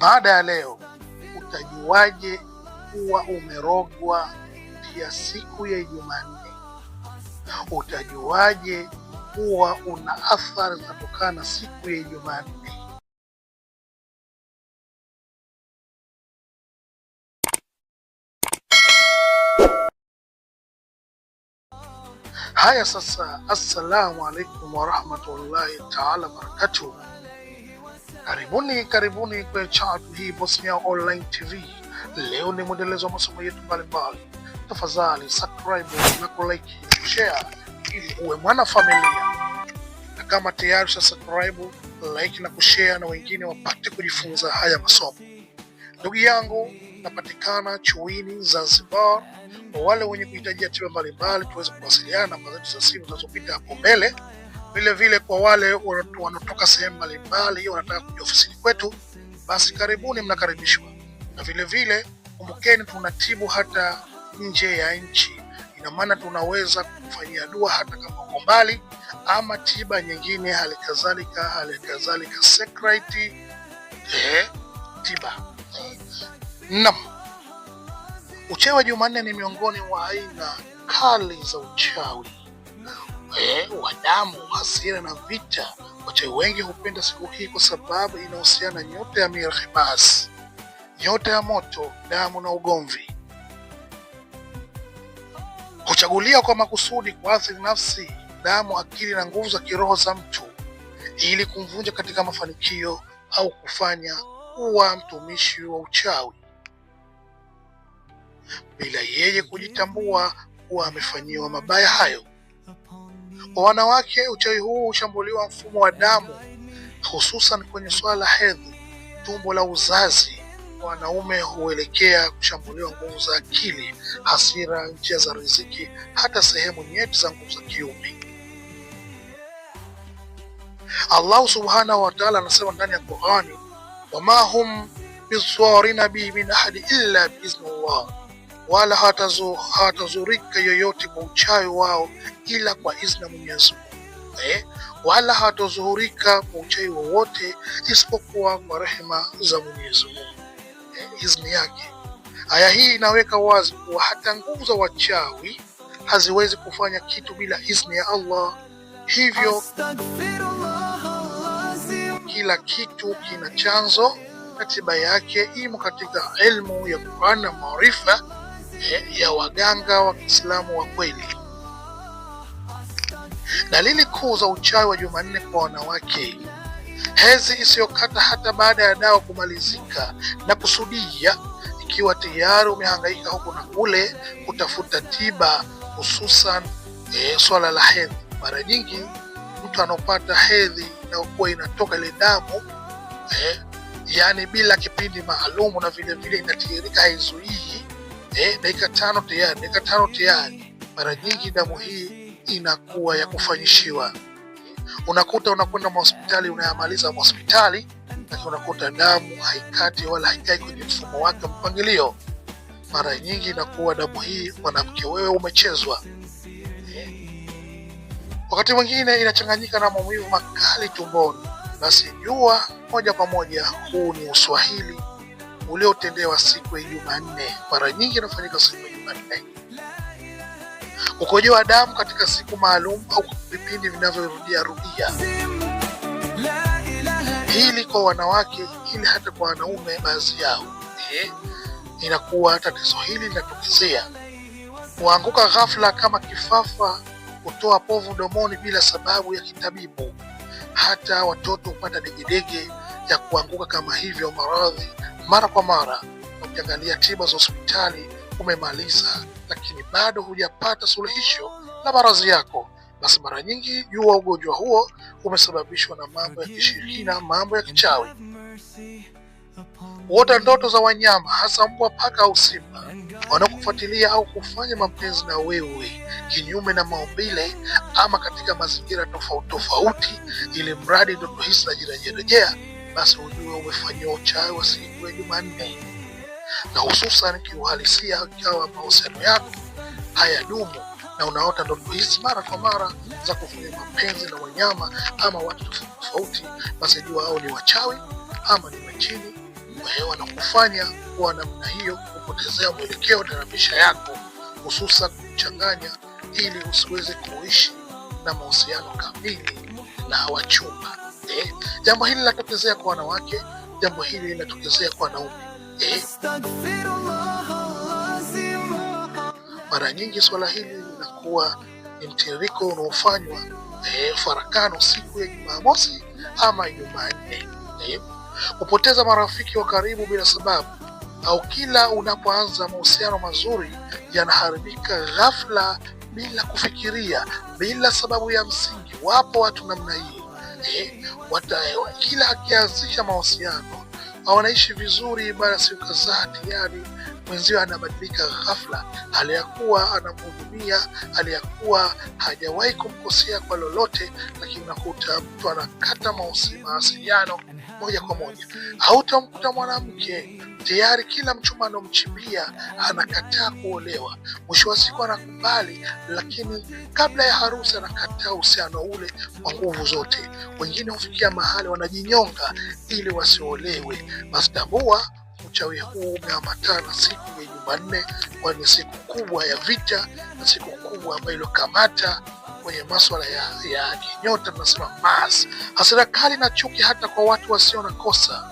Baada ya leo utajuaje kuwa umerogwa ya siku ya Jumanne? Utajuaje kuwa una athari zinatokana na siku ya Jumanne? Haya sasa, assalamu alaikum warahmatullahi taala wabarakatuh. Karibuni, karibuni kwenye chatu hii Bosnia Online TV. Leo ni mwendelezo wa masomo yetu mbalimbali. Tafadhali subscribe na kulike na share ili uwe mwana familia, na kama tayari sasa subscribe, like na kushare na wengine wapate kujifunza haya masomo. Ndugu yangu, napatikana Chuini Zanzibar kwa wale wenye kuhitajia tiba mbalimbali tuweze kuwasiliana namba zetu za simu zinazopita hapo mbele. Vile vile kwa wale wanaotoka sehemu mbalimbali wanataka kuja ofisini kwetu, basi karibuni, mnakaribishwa. Na vile vile kumbukeni, tunatibu hata nje ya nchi. Ina maana tunaweza kufanyia dua hata kama uko mbali, ama tiba nyingine halikadhalika, kadhalika secret eh, tiba Uchawi Jumanne ni miongoni mwa aina kali za uchawi e, wa damu, hasira na vita. Wachawi wengi hupenda siku hii kwa sababu inahusiana nyota ya Mirhibas, nyota ya moto, damu na ugomvi. Huchagulia kwa makusudi kuathiri nafsi, damu, akili na nguvu za kiroho za mtu ili kumvunja katika mafanikio au kufanya kuwa mtumishi wa uchawi bila yeye kujitambua kuwa amefanyiwa mabaya hayo. Kwa wanawake, uchawi huu hushambuliwa mfumo wa damu, hususan kwenye suala la hedhi, tumbo la uzazi. wanaume huelekea kushambuliwa nguvu za akili, hasira, njia za riziki, hata sehemu nyeti za nguvu za kiume. Allahu subhanahu wa ta'ala anasema ndani ya Qur'ani, wama hum biswarina bi min ahadi illa biiznillah, wala hawatazurika yoyote kwa uchawi wao ila kwa izna Mwenyezi Mungu eh? wala hawatazuhurika kwa uchawi wowote isipokuwa kwa rehema za Mwenyezi Mungu eh? izni yake. Aya hii inaweka wazi kuwa hata nguvu za wachawi haziwezi kufanya kitu bila izni ya Allah, hivyo kila kitu kina chanzo katiba yake imo katika elmu ya Qur'an na maarifa Yaani ya waganga wa Kiislamu wa kweli. Dalili kuu za uchawi wa Jumanne kwa wanawake: hezi isiyokata hata baada ya dawa kumalizika na kusudia, ikiwa tayari umehangaika huku na kule kutafuta tiba, hususan e, swala la hedhi. Mara nyingi mtu anaopata hedhi inayokuwa inatoka ile damu e, eh, yani bila kipindi maalumu, na vilevile inatiririka, haizuii eh, dakika tano tayari, dakika tano tayari. Mara nyingi damu hii inakuwa ya kufanyishiwa, unakuta unakwenda mahospitali unayamaliza mahospitali, lakini unakuta damu haikati wala haikai kwenye mfumo wake mpangilio. Mara nyingi inakuwa damu hii, mwanamke, wewe umechezwa. Wakati mwingine inachanganyika na maumivu makali tumboni, basi jua moja kwa moja huu ni uswahili uliotendewa siku ya Jumanne. Mara nyingi inafanyika siku ya Jumanne. Kukojoa damu katika siku maalum au vipindi vinavyorudia rudia, hili kwa wanawake, hili hata kwa wanaume baadhi yao. Eh, inakuwa tatizo hili linatokezea kuanguka ghafla kama kifafa, kutoa povu domoni bila sababu ya kitabibu, hata watoto hupata degedege ya kuanguka kama hivyo maradhi mara kwa mara, ukiangalia tiba za hospitali umemaliza, lakini bado hujapata suluhisho la maradhi yako, basi mara nyingi jua ugonjwa huo umesababishwa na mambo ya kishirikina, mambo ya kichawi. wota ndoto za wanyama, hasa mbwa, paka au simba wanaokufuatilia au kufanya mapenzi na wewe kinyume na maumbile ama katika mazingira tofauti tofauti, ili mradi ndoto hii zinajirejea basi ujue umefanyia uchawi wa siku ya Jumanne, na hususan kiuhalisia, ikawa mahusiano yako hayadumu na unaota ndoto hizi mara kwa mara za kufanya mapenzi na wanyama ama watu tofauti tofauti, basi jua au ni wachawi ama ni majini Wewe na kufanya kuwa namna hiyo, kupotezea mwelekeo na maisha yako, hususan kuchanganya ili usiweze kuishi na mahusiano kamili na wachumba eh, jambo hili linatokezea kwa wanawake, jambo hili linatokezea kwa wanaume eh. Mara nyingi swala hili linakuwa ni mtiririko unaofanywa eh, farakano siku ya Jumamosi ama Jumanne eh. Kupoteza marafiki wa karibu bila sababu au kila unapoanza mahusiano mazuri yanaharibika ghafla bila kufikiria, bila sababu ya msingi. Wapo watu namna hiyo wataewa, kila akianzisha mahusiano anaishi vizuri baada ya siku kadhaa, tayari mwenzio anabadilika ghafla, hali ya kuwa anamhudumia, hali ya kuwa hajawahi kumkosea kwa lolote, lakini unakuta mtu anakata mawasiliano moja kwa moja. Hautamkuta mwanamke tayari, kila mchuma anamchimbia, anakataa kuolewa, mwisho wa siku anakubali, lakini kabla ya harusi anakataa uhusiano ule kwa nguvu zote. Wengine hufikia mahali wanajinyonga ili wasiolewe. Basi uchawi huu umeambatana siku ya Jumanne, kwani siku kubwa ya vita na siku kubwa ambayo iliyokamata kwenye maswala ya, ya nyota tunasema mas hasira kali na chuki hata kwa watu wasio na kosa.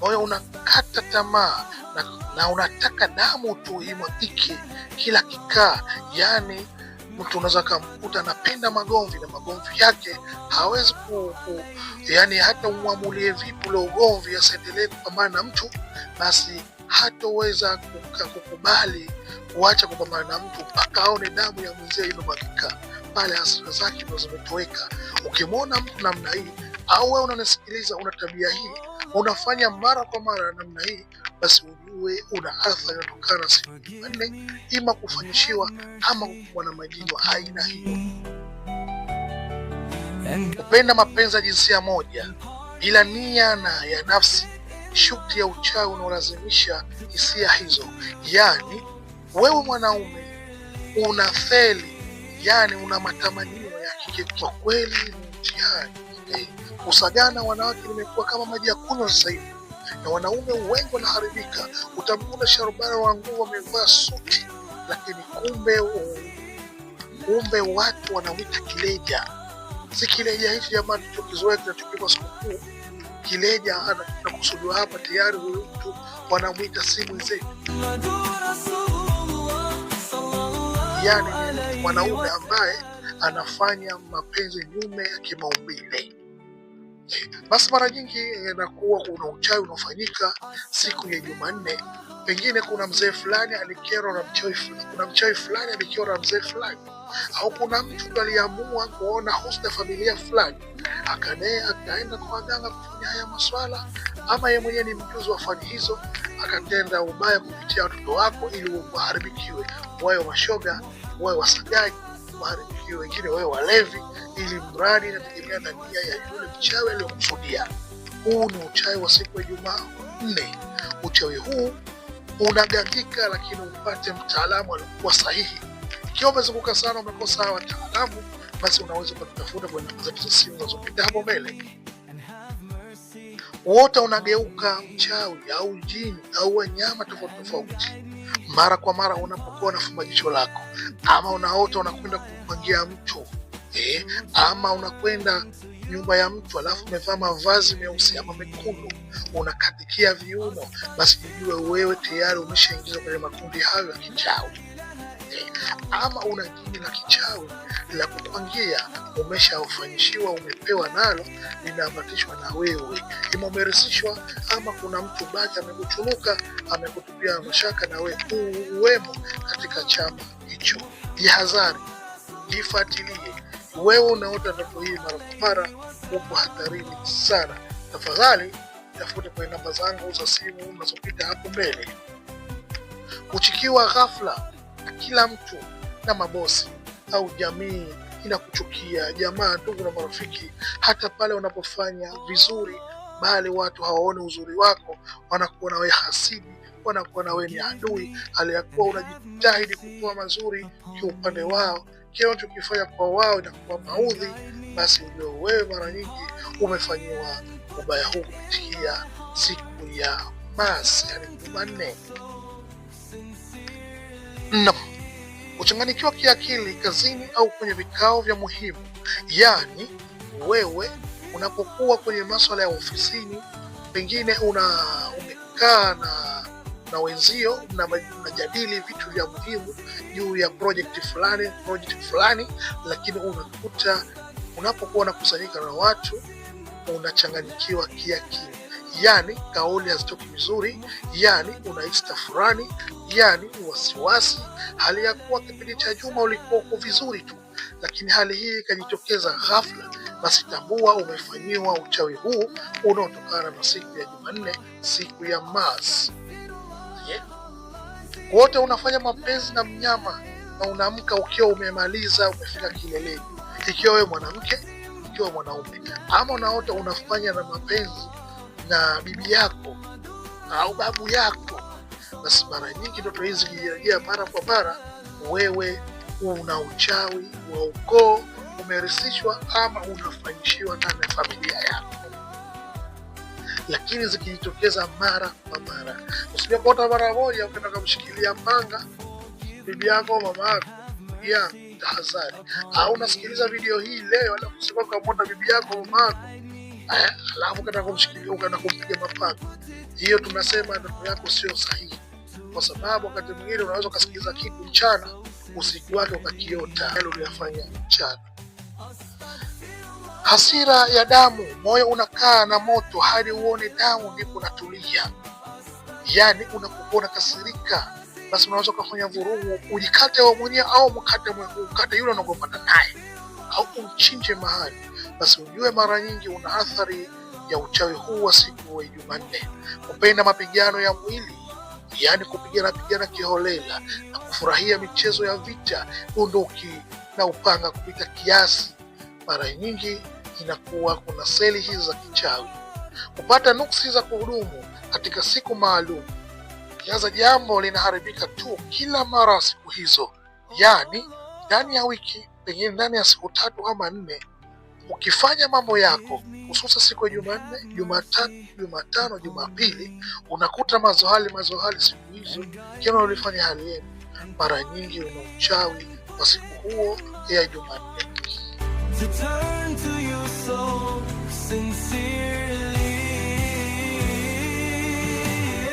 Moyo unakata tamaa na, na unataka damu tu imwagike kila kikaa. Yani mtu unaweza kumkuta anapenda magomvi na magomvi yake hawezi ku, ku yani hata umwamulie vipi ule ugomvi, asiendelee kupambana na mtu basi hatoweza kukubali kuacha kupambana na mtu mpaka aone damu ya mwenzie imemwagika pale hasira zake ndo zimetoweka. Ukimwona mtu namna hii, au wewe unanisikiliza, una tabia hii, unafanya mara kwa mara namna hii, basi ujue una athari inatokana na siku nne, ima kufanyishiwa ama kukuwa na majibu aina hiyo. Kupenda mapenzi ya jinsia moja bila nia na ya nafsi, shukti ya uchawi unaolazimisha hisia hizo, yaani wewe mwanaume una feli yani una matamanio ya kike kwa kweli, mtihani eh. Kusagana wanawake limekuwa kama maji ya kunywa sasa hivi, na wanaume wengi wanaharibika. Utamkuta sharubara wa nguo wamevaa suti, lakini kumbe kumbe watu wanawita kileja. Si kileja hichi jamani, tukizoea tunachopigwa sikukuu. Kileja anakusudiwa hapa, tayari huyu mtu wanamwita simu zetu yani mwanaume ambaye anafanya mapenzi nyume ya kimaumbile. Basi mara nyingi inakuwa kuna uchawi unaofanyika siku ya Jumanne. Pengine kuna mzee fulani alikerwa na mchawi, kuna mchawi fulani alikerwa na mzee fulani, au kuna mtu aliamua kuona hosta familia fulani, akaenda kwa waganga kufanya haya maswala ama yeye mwenyewe ni mjuzi wa fani hizo akatenda ubaya kupitia watoto wako ili waharibikiwe, wawe mashoga, wawe wasagaji, waharibikiwe, wengine wawe walevi, ili mradi inategemea na nia ya yule mchawi aliyomkusudia. Huu ni uchawi wa siku ya Jumaa nne. Uchawi huu unagangika, lakini upate mtaalamu alikuwa sahihi. Ikiwa umezunguka sana, umekosa wataalamu, basi unaweza ukatafuta kwenye namba zetu za simu zinazopita hapo mbele wote unageuka mchawi au jini au wanyama tofauti tofauti mara kwa mara unapokuwa unafumba jicho lako, ama unaota unakwenda kupangia mtu eh, ama unakwenda nyumba ya mtu alafu umevaa mavazi meusi ama mekundu, unakatikia viuno, basi ujue wewe tayari umeshaingizwa kwenye makundi hayo ya kichawi wake, ama una jini la kichawi la kupangia, umeshafanyishiwa umepewa nalo, linaambatishwa na wewe, ima umerisishwa, ama kuna mtu baki amekuchuluka amekutupia mashaka, na wewe uwemo katika chama hicho. Jihadhari, jifuatilie. Wewe unaota ndoto hii mara kwa mara, huko hatarini sana. Tafadhali tafute kwenye namba zangu za simu unazopita hapo mbele. Kuchikiwa ghafla kila mtu na mabosi au jamii inakuchukia, jamaa, ndugu na marafiki, hata pale unapofanya vizuri, bali watu hawaoni uzuri wako, wanakuona wewe hasidi, wanakuwa na wewe ni adui, aliyakuwa unajitahidi kutoa mazuri kiupande wao. Kile unachokifanya kwa wao inakuwa maudhi, basi ndio wewe mara nyingi umefanyiwa ubaya huu kupitia siku ya Masi, yani Jumanne. Nne, kuchanganyikiwa kiakili kazini au kwenye vikao vya muhimu, yaani wewe unapokuwa kwenye masuala ya ofisini, pengine una umekaa na na wenzio mnajadili vitu vya muhimu juu ya project fulani project fulani, lakini unakuta unapokuwa unakusanyika na watu unachanganyikiwa kiakili yani kauli hazitoki vizuri, yani unahisi tafurani, yani wasiwasi, hali ya kuwa kipindi cha juma ulikuwa uko vizuri tu, lakini hali hii ikajitokeza ghafla. Basi tambua umefanyiwa uchawi huu unaotokana na siku ya Jumanne, siku ya Mars. Yeah. Wote unafanya mapenzi na mnyama na unaamka ukiwa umemaliza, umefika kileleni, ikiwa wewe mwanamke, ikiwa mwanaume, ama unaota unafanya na mapenzi na bibi yako au babu yako, basi mara nyingi ndoto hizi kijirejea mara kwa mara, wewe una uchawi wa ukoo umerisishwa ama unafanyishiwa ndani ya familia yako. Lakini zikijitokeza mara kwa mara, usije kuota mara moja ukenda kumshikilia mpanga bibi yako au mama yako ya tahadhari. Au unasikiliza video hii leo alafu usibakamwona bibi yako mama yako Eh, alafu ukaenda kumshikilia ukaenda kumpiga mapanga, hiyo tunasema ndoto yako sio sahihi, kwa sababu wakati mwingine unaweza ukasikiliza kitu mchana, usiku wake ukakiota yale uliyofanya mchana. Hasira ya damu, moyo unakaa na moto hadi uone damu, ndipo unatulia. Yani unapokuwa unakasirika, basi unaweza ukafanya vurugu, ujikate wewe mwenyewe au mkate mwenyewe, ukate yule unagombana naye au umchinje mahali basi ujue mara nyingi una athari ya uchawi huu wa siku wa Jumanne. Kupenda mapigano ya mwili, yaani kupigana pigana kiholela na kufurahia michezo ya vita, bunduki na upanga kupita kiasi, mara nyingi inakuwa kuna seli hizi za kichawi. Kupata nuksi za kuhudumu katika siku maalum, kiaza jambo linaharibika tu kila mara siku hizo, yaani ndani ya wiki, pengine ndani ya siku tatu ama nne ukifanya mambo yako hususa siku ya Jumanne, Jumatatu, Jumatano, Jumapili, unakuta mazohali mazohali siku hizo, kila ulifanya hali yenu, mara nyingi una uchawi kwa siku huo ya Jumanne.